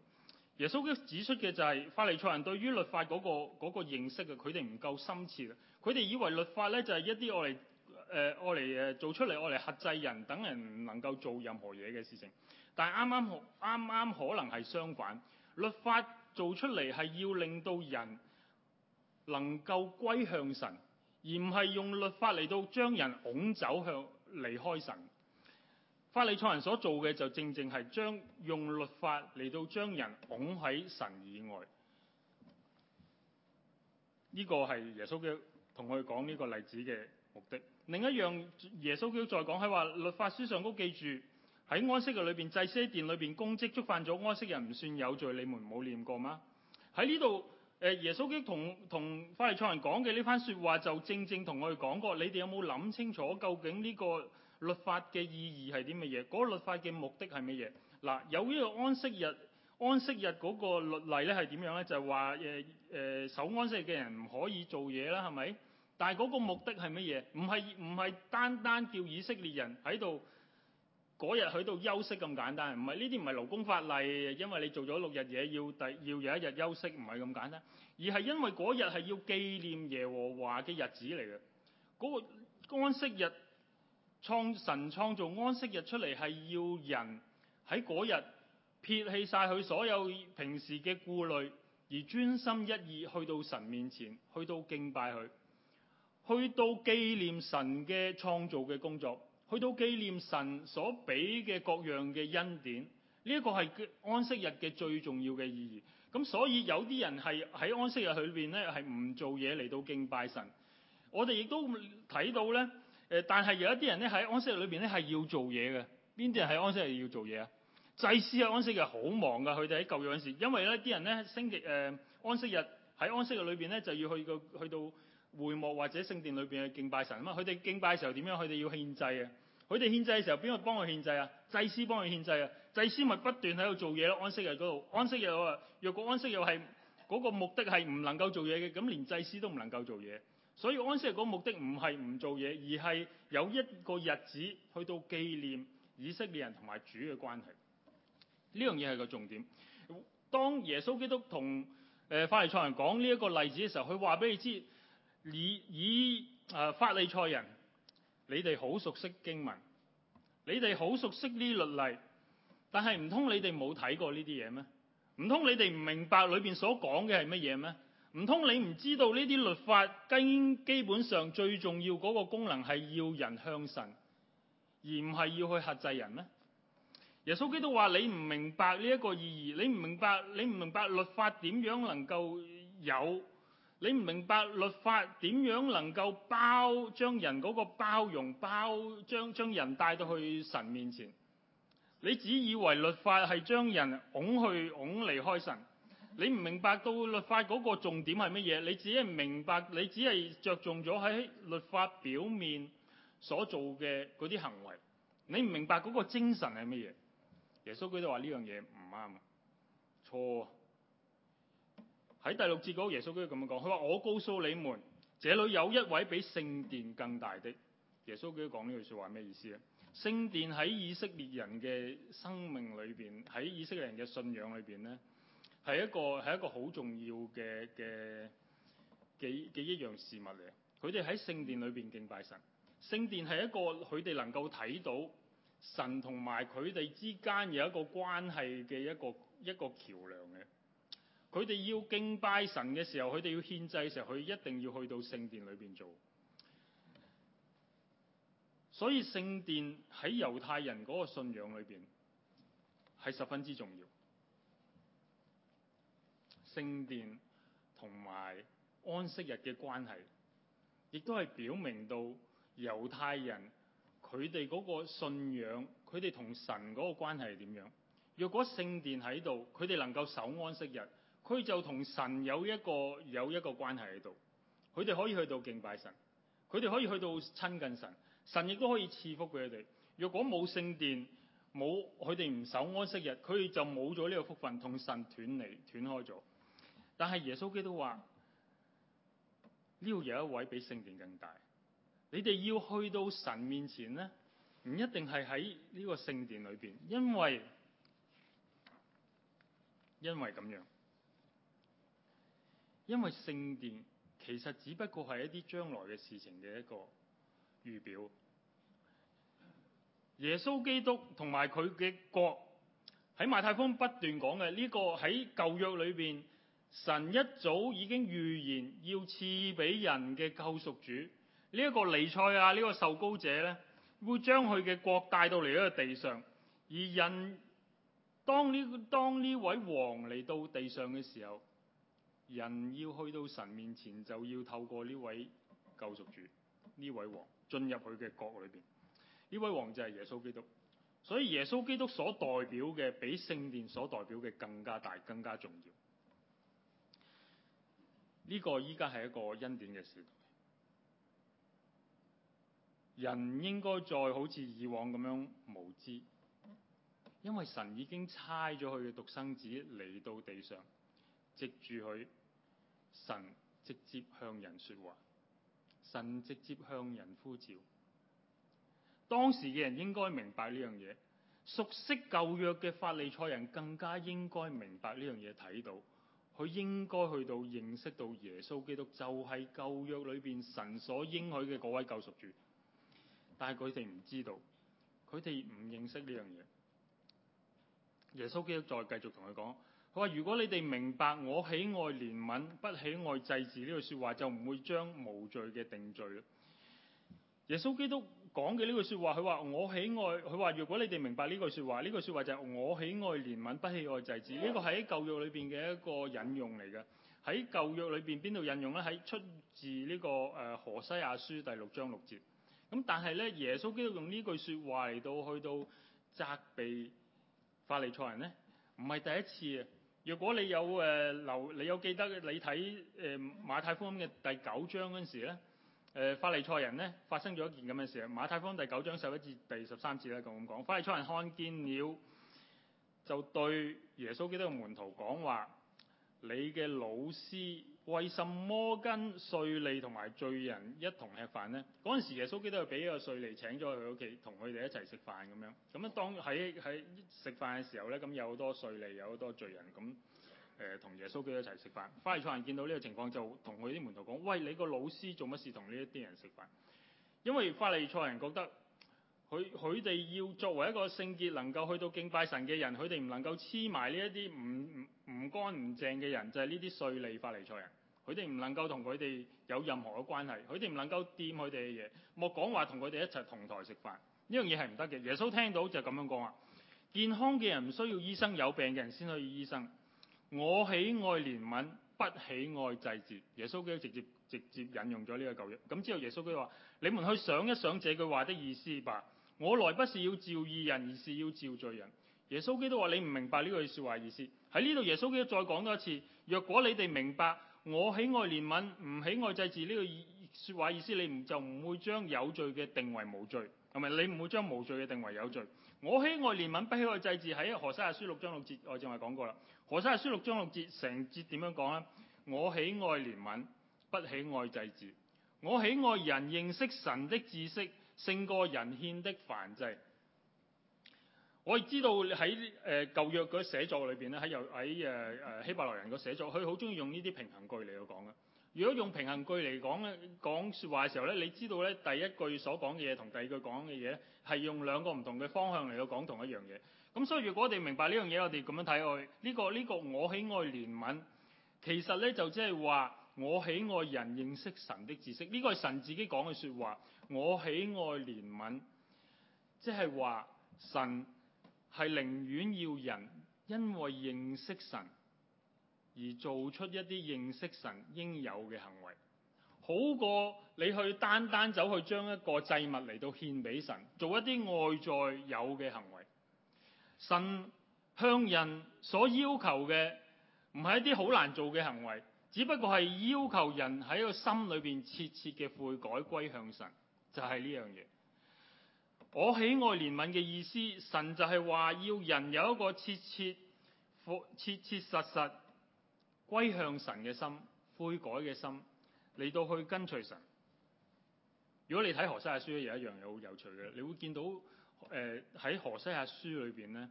耶穌基督指出嘅就係、是、法利賽人對於律法嗰、那個嗰、那個認識，佢哋唔夠深切啦。佢哋以為律法呢就係、是、一啲我哋誒我嚟誒做出嚟我嚟克制人等人能夠做任何嘢嘅事情，但係啱啱啱啱可能係相反，律法做出嚟係要令到人能夠歸向神，而唔係用律法嚟到將人拱走向離開神。法利賽人所做嘅就正正係將用律法嚟到將人拱喺神以外。呢個係耶穌基督同佢講呢個例子嘅目的。另一樣，耶穌基督再講喺話律法書上都記住，喺安息日裏邊，祭司殿裏邊供職，觸犯咗安息日，唔算有罪，你們冇念過嗎？喺呢度。誒耶穌基督同同法利賽人講嘅呢番説話就正正同我哋講過，你哋有冇諗清楚究竟呢個律法嘅意義係啲乜嘢？嗰個律法嘅目的係乜嘢？嗱，有呢個安息日，安息日嗰個律例咧係點樣咧？就係話誒誒守安息嘅人唔可以做嘢啦，係咪？但係嗰個目的係乜嘢？唔係唔係單單叫以色列人喺度。嗰日去到休息咁簡單，唔係呢啲，唔係勞工法例，因為你做咗六日嘢要第要有一日休息，唔係咁簡單，而係因為嗰日係要紀念耶和華嘅日子嚟嘅。嗰個安息日，創神創造安息日出嚟係要人喺嗰日撇棄曬佢所有平時嘅顧慮，而專心一意去到神面前，去到敬拜佢，去到紀念神嘅創造嘅工作。去到紀念神所俾嘅各樣嘅恩典，呢一個係安息日嘅最重要嘅意義。咁所以有啲人係喺安息日佢裏邊咧係唔做嘢嚟到敬拜神。我哋亦都睇到咧，誒，但係有一啲人咧喺安息日裏邊咧係要做嘢嘅。邊啲人喺安息日要做嘢啊？祭司喺安息日好忙噶，佢哋喺舊約嗰陣時，因為咧啲人咧升級誒安息日喺安息日裏邊咧就要去到去到。會幕或者聖殿裏邊去敬拜神啊！佢哋敬拜嘅時候點樣？佢哋要獻祭啊！佢哋獻祭嘅時候邊個幫佢獻祭啊？祭司幫佢獻祭啊！祭司咪不斷喺度做嘢咯。安息日嗰度，安息日我話，若果安息日係嗰個目的係唔能夠做嘢嘅，咁連祭司都唔能夠做嘢。所以安息日嗰個目的唔係唔做嘢，而係有一個日子去到紀念以色列人同埋主嘅關係。呢樣嘢係個重點。當耶穌基督同誒法利賽人講呢一個例子嘅時候，佢話俾你知。以以法利賽人，你哋好熟悉經文，你哋好熟悉呢律例，但係唔通你哋冇睇過呢啲嘢咩？唔通你哋唔明白裏面所講嘅係乜嘢咩？唔通你唔知道呢啲律法基本上最重要嗰個功能係要人向神，而唔係要去克制人咩？耶穌基督話：你唔明白呢一個意義，你唔明白，你唔明白律法點樣能夠有？你唔明白律法點樣能夠包將人嗰個包容包將將人帶到去神面前？你只以為律法係將人拱去拱離開神？你唔明白到律法嗰個重點係乜嘢？你自己唔明白，你只係着重咗喺律法表面所做嘅嗰啲行為。你唔明白嗰個精神係乜嘢？耶穌基督話呢樣嘢唔啱，錯。喺第六節嗰個耶穌基督咁樣講，佢話：我告訴你們，這裡有一位比聖殿更大的。耶穌基督講呢句說話咩意思咧？聖殿喺以色列人嘅生命裏面，喺以色列人嘅信仰裏面呢，呢係一個係一個好重要嘅嘅嘅嘅一樣事物嚟。佢哋喺聖殿裏面敬拜神，聖殿係一個佢哋能夠睇到神同埋佢哋之間有一個關係嘅一個一個橋梁嘅。佢哋要敬拜神嘅時候，佢哋要獻祭嘅時候，佢一定要去到聖殿裏邊做。所以聖殿喺猶太人嗰個信仰裏邊，係十分之重要。聖殿同埋安息日嘅關係，亦都係表明到猶太人佢哋嗰個信仰，佢哋同神嗰個關係係點樣。若果聖殿喺度，佢哋能夠守安息日。佢就同神有一個有一個關係喺度，佢哋可以去到敬拜神，佢哋可以去到親近神，神亦都可以賜福佢哋。若果冇聖殿，冇佢哋唔守安息日，佢哋就冇咗呢個福分，同神斷離斷開咗。但係耶穌基督話：呢度有一位比聖殿更大。你哋要去到神面前呢，唔一定係喺呢個聖殿裏邊，因為因為咁樣。因為聖殿其實只不過係一啲將來嘅事情嘅一個預表。耶穌基督同埋佢嘅國喺馬太福音不斷講嘅呢個，喺舊約裏邊，神一早已經預言要賜俾人嘅救贖主呢一、呢個彌賽亞呢、呢個受膏者呢會將佢嘅國帶到嚟呢個地上，而人當呢當呢位王嚟到地上嘅時候。人要去到神面前，就要透過呢位救贖主，呢位王進入佢嘅國裏邊。呢位王就係耶穌基督，所以耶穌基督所代表嘅比聖殿所代表嘅更加大，更加重要。呢、這個依家係一個恩典嘅時代，人應該再好似以往咁樣無知，因為神已經差咗佢嘅獨生子嚟到地上，藉住佢。神直接向人說話，神直接向人呼召。當時嘅人應該明白呢樣嘢，熟悉舊約嘅法利賽人更加應該明白呢樣嘢，睇到佢應該去到認識到耶穌基督就係舊約裏面神所應許嘅嗰位救贖主，但係佢哋唔知道，佢哋唔認識呢樣嘢。耶穌基督再繼續同佢講。佢話：如果你哋明白我喜愛憐憫，不喜愛祭祀，呢句説話，就唔會將無罪嘅定罪。耶穌基督講嘅呢句説話，佢話我喜愛，佢話如果你哋明白呢句説話，呢句説話就係我喜愛憐憫，不喜愛祭祀。」呢個喺舊約裏邊嘅一個引用嚟嘅。喺舊約裏邊邊度引用咧？喺出自呢、呢個誒、呃、何西亞書第六章六節。咁但係咧，耶穌基督用呢句説話嚟到去到責備法利賽人咧，唔係第一次。如果你有誒留、呃，你有記得你睇誒、呃、馬太福音嘅第九章嗰陣時咧，誒、呃、法利賽人咧，發生咗一件咁嘅事。馬太福音第九章十一至第十三節咧，咁講，法利賽人看見了，就對耶穌基督嘅門徒講話。你嘅老師為什麼跟稅吏同埋罪人一同吃飯呢？嗰陣時，耶穌基督就俾個稅吏，請咗去佢屋企，同佢哋一齊食飯咁樣。咁樣當喺喺食飯嘅時候呢，咁有好多稅吏，有好多罪人，咁誒同耶穌基督一齊食飯。法利賽人見到呢個情況，就同佢啲門徒講，喂，你個老師做乜事同呢一啲人食飯？因為法利賽人覺得，佢佢哋要作為一個聖潔，能夠去到敬拜神嘅人，佢哋唔能夠黐埋呢一啲唔唔乾乾唔淨嘅人，就係呢啲稅吏、法利賽人。佢哋唔能夠同佢哋有任何嘅關係，佢哋唔能夠掂佢哋嘅嘢，莫講話同佢哋一齊同台食飯。呢樣嘢係唔得嘅。耶穌聽到就咁樣講啊！健康嘅人唔需要醫生，有病嘅人先可以醫生。我喜愛憐憫，不喜愛祭祀。」耶穌都直接直接引用咗呢個舊約。咁之後耶穌佢話：「你們去想一想這句話的意思吧。我來不是要召義人，而是要召罪人。耶穌基督話：你唔明白呢句說話意思。喺呢度耶穌基督再講多一次：若果你哋明白我喜愛憐憫，唔喜愛祭祀呢句說話意思，你唔就唔會將有罪嘅定為無罪，係咪？你唔會將無罪嘅定為有罪。我喜愛憐憫，不喜愛祭祀。喺何西阿書六章六節我正話講過啦。何西阿書六章六節成節點樣講呢？我喜愛憐憫，不喜愛祭祀。我喜愛人認識神的知識。勝過人獻的燔祭，我亦知道喺誒、呃、舊約嗰寫作裏邊咧，喺又喺誒誒希伯來人個寫作，佢好中意用呢啲平衡句嚟去講嘅。如果用平衡句嚟講咧講説話嘅時候咧，你知道咧第一句所講嘅嘢同第二句講嘅嘢，係用兩個唔同嘅方向嚟去講同一樣嘢。咁所以如果我哋明白呢樣嘢，我哋咁樣睇落去，呢、呢個呢、呢個我喜愛憐憫，其實咧就即係話。我喜愛人認識神的知識，呢個係神自己講嘅說話。我喜愛憐憫，即係話神係寧願要人因為認識神而做出一啲認識神應有嘅行為，好過你去單單走去將一個祭物嚟到獻俾神，做一啲外在有嘅行為。神向人所要求嘅唔係一啲好難做嘅行為。只不過係要求人喺個心裏邊切切嘅悔改歸向神，就係呢樣嘢。我喜愛憐憫嘅意思，神就係話要人有一個切切、切切實實歸向神嘅心、悔改嘅心，嚟到去跟隨神。如果你睇何西阿書咧，有一樣嘢好有趣嘅，你會見到誒喺何西阿書裏邊咧，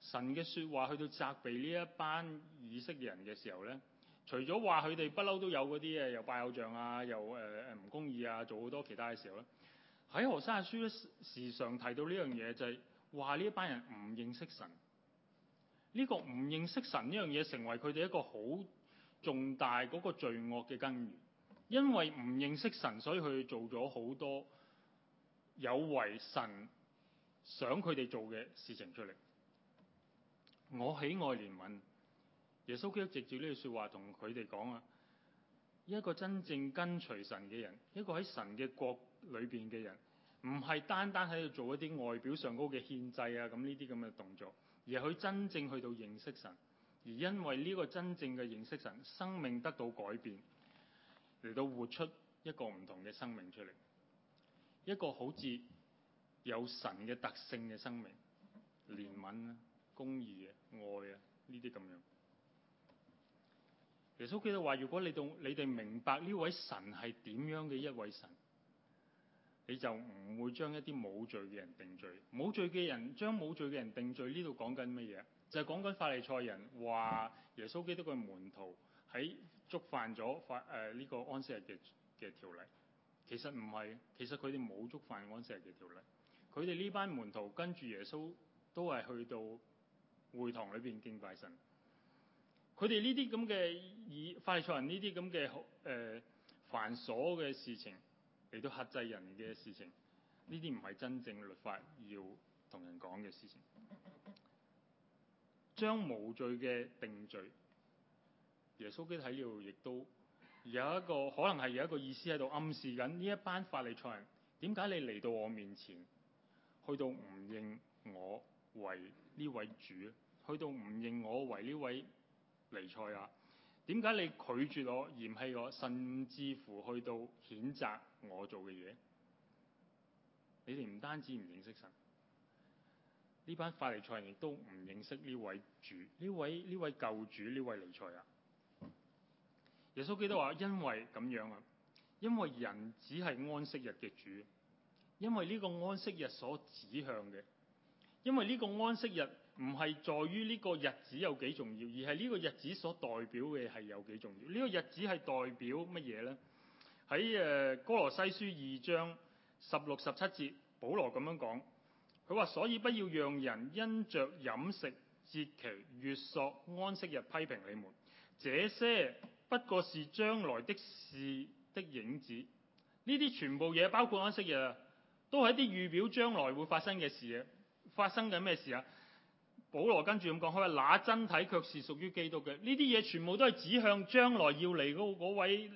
神嘅說話去到責備呢一班以色列人嘅時候咧。除咗話佢哋不嬲都有嗰啲誒，又拜偶像啊，又誒誒唔公義啊，做好多其他嘅時候咧，喺《何生阿書何西阿書》咧，時常提到呢樣嘢，就係話呢一班人唔認識神。呢、這個呢個唔認識神呢樣嘢，成為佢哋一個好重大嗰個罪惡嘅根源。因為唔認識神，所以佢做咗好多有違神想佢哋做嘅事情出嚟。我喜愛憐憫。耶穌基督直接呢句說話同佢哋講啊！一個真正跟隨神嘅人，一個喺神嘅國裏面嘅人，唔係單單喺度做一啲外表上高嘅獻祭啊，咁呢啲咁嘅動作，而係佢真正去到認識神，而因為呢個真正嘅認識神，生命得到改變，嚟到活出一個唔同嘅生命出嚟，一個好似有神嘅特性嘅生命，憐憫啊、公義啊、愛啊，呢啲咁樣。耶穌基督話：如果你到你哋明白呢位神係點樣嘅一位神，你就唔會將一啲冇罪嘅人定罪。冇罪嘅人將冇罪嘅人定罪，呢度講緊乜嘢？就係講緊法利賽人話耶穌基督嘅門徒喺觸犯咗法誒呢個安息日嘅嘅條例。其實唔係，其實佢哋冇觸犯安息日嘅條例。佢哋呢班門徒跟住耶穌都係去到會堂裏邊敬拜神。佢哋呢啲咁嘅以法利賽人呢啲咁嘅誒繁瑣嘅事情嚟到克制人嘅事情，呢啲唔係真正律法要同人講嘅事情。將無罪嘅定罪，耶穌基督喺呢度亦都有一個可能係有一個意思喺度暗示緊：呢一班法利賽人，點解你嚟到我面前，去到唔認我為呢位主，去到唔認我為呢位。尼賽亞，點解你拒絕我、嫌棄我，甚至乎去到譴責我做嘅嘢？你哋唔單止唔認識神，呢班法利賽人亦都唔認識呢位主，呢位呢位舊主，呢位尼賽亞。耶穌基督話：因為咁樣啊，因為人只係安息日嘅主，因為呢個安息日所指向嘅，因為呢個安息日。唔係在於呢個日子有幾重要，而係呢個日子所代表嘅係有幾重要。呢、呢個日子係代表乜嘢呢？喺誒《哥羅西書》二章十六十七節，保羅咁樣講，佢話：所以不要讓人因着飲食、節期、月朔、安息日批評你們，這些不過是將來的事的影子。呢啲全部嘢，包括安息日都係啲預表將來會發生嘅事啊！發生緊咩事啊？保羅跟住咁講，佢話那真體卻是屬於基督嘅，呢啲嘢全部都係指向將來要嚟嗰位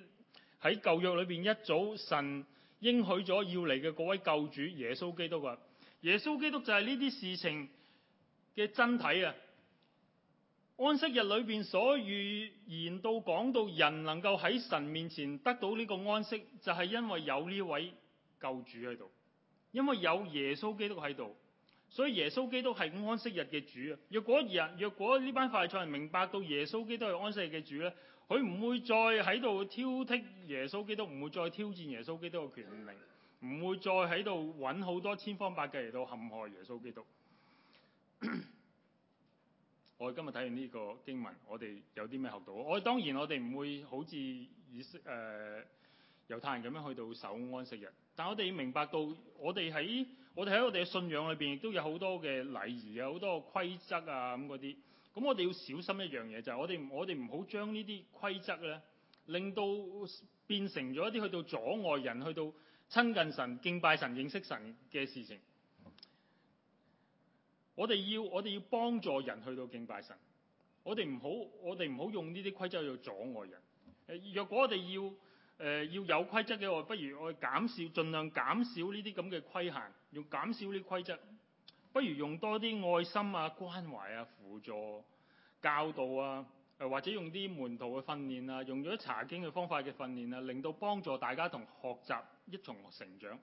喺舊約裏邊一早神應許咗要嚟嘅嗰位救主耶穌基督啊。耶穌基督就係呢啲事情嘅真體啊。安息日裏邊所預言到講到人能夠喺神面前得到呢個安息，就係、是、因為有呢位救主喺度，因為有耶穌基督喺度。所以耶穌基督係安息日嘅主啊！若果人，若果呢班法利賽人明白到耶穌基督係安息日嘅主咧，佢唔會再喺度挑剔耶穌基督，唔會再挑戰耶穌基督嘅權利，唔會再喺度揾好多千方百計嚟到陷害耶穌基督。 *coughs* 我哋今日睇完呢個經文，我哋有啲咩學到？我哋當然我哋唔會好似以色列、呃、猶太人咁樣去到守安息日，但我哋要明白到我哋喺。我哋喺我哋嘅信仰裏面亦都有好多嘅禮儀有啊，好多規則啊咁嗰啲。咁我哋要小心一樣嘢，就係、是、我哋我哋唔好將呢啲規則咧，令到變成咗一啲去到阻礙人去到親近神、敬拜神、認識神嘅事情。我哋要我哋要幫助人去到敬拜神。我哋唔好我哋唔好用呢啲規則去阻礙人。若果我哋要、呃、要有規則嘅話，不如我哋減少，儘量減少呢啲咁嘅規限。要減少呢啲規則，不如用多啲愛心啊、關懷啊、輔助、教導啊，誒或者用啲門徒嘅訓練啊，用咗查經嘅方法嘅訓練啊，令到幫助大家同學習一從成長，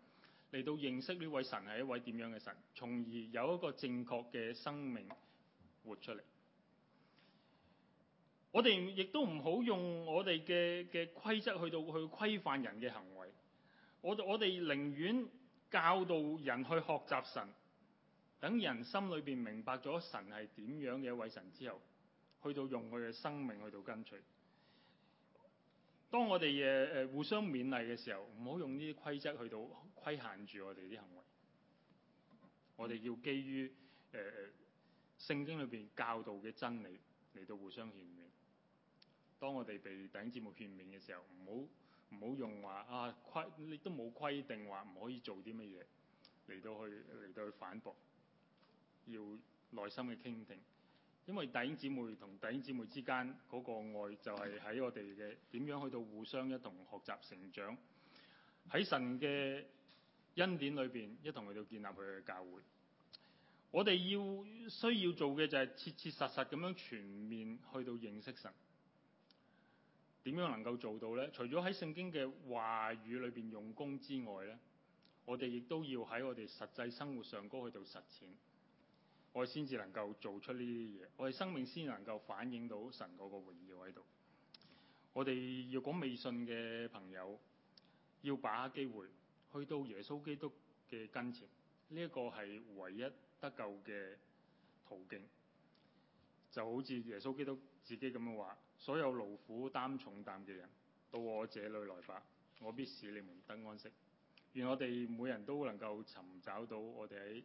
嚟到認識呢位神係一位點樣嘅神，從而有一個正確嘅生命活出嚟。我哋亦都唔好用我哋嘅嘅規則去到去規範人嘅行為。我我哋寧願。教導人去學習神，等人心裏邊明白咗神係點樣嘅一位神之後，去到用佢嘅生命去到跟隨。當我哋誒誒互相勉勵嘅時候，唔好用呢啲規則去到規限住我哋啲行為。我哋要基於誒誒聖經裏邊教導嘅真理嚟到互相勸勉。當我哋被頂節目勸勉嘅時候，唔好。唔好用話啊規，你都冇規定話唔可以做啲乜嘢嚟到去嚟到去反駁，要耐心嘅傾聽，因為弟兄姊妹同弟兄姊妹之間嗰個愛就係喺我哋嘅點樣去到互相一同學習成長，喺神嘅恩典裏邊一同去到建立佢嘅教會，我哋要需要做嘅就係切切實實咁樣全面去到認識神。點樣能夠做到呢？除咗喺聖經嘅話語裏邊用功之外呢，我哋亦都要喺我哋實際生活上高去做實踐，我哋先至能夠做出呢啲嘢，我哋生命先能夠反映到神嗰個榮耀喺度。我哋要講未信嘅朋友，要把握機會去到耶穌基督嘅跟前，呢一個係唯一得救嘅途徑。就好似耶穌基督自己咁樣話。所有勞苦擔重擔嘅人，到我這裏來吧，我必使你們得安息。願我哋每人都能夠尋找到我哋喺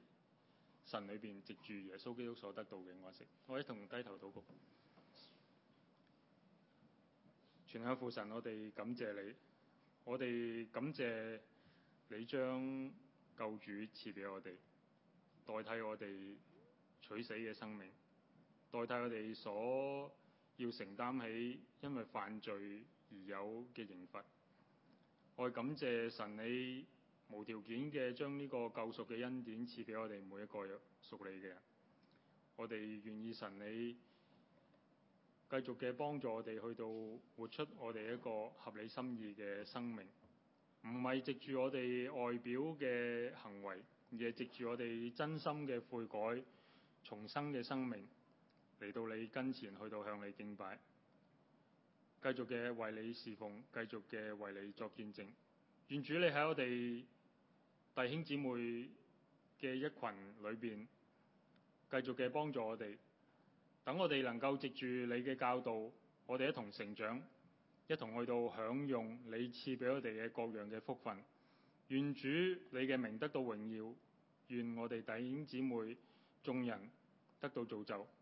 神裏面藉住耶穌基督所得到嘅安息。我一同低頭禱告，全靠父神，我哋感謝你，我哋感謝你將救主賜俾我哋，代替我哋取死嘅生命，代替我哋所，要承擔起因為犯罪而有嘅刑罰，我感謝神你無條件嘅將呢個救贖嘅恩典賜俾我哋每一個屬你嘅人。我哋願意神你繼續嘅幫助我哋去到活出我哋一個合理心意嘅生命，唔係藉住我哋外表嘅行為，而係藉住我哋真心嘅悔改重生嘅生命。嚟到你跟前，去到向你敬拜，繼續嘅為你侍奉，繼續嘅為你作見證。願主你喺我哋弟兄姊妹嘅一群裏面，繼續嘅幫助我哋，等我哋能夠藉住你嘅教導，我哋一同成長，一同去到享用你賜俾我哋嘅各樣嘅福分。願主你嘅名得到榮耀，願我哋弟兄姊妹眾人得到造就。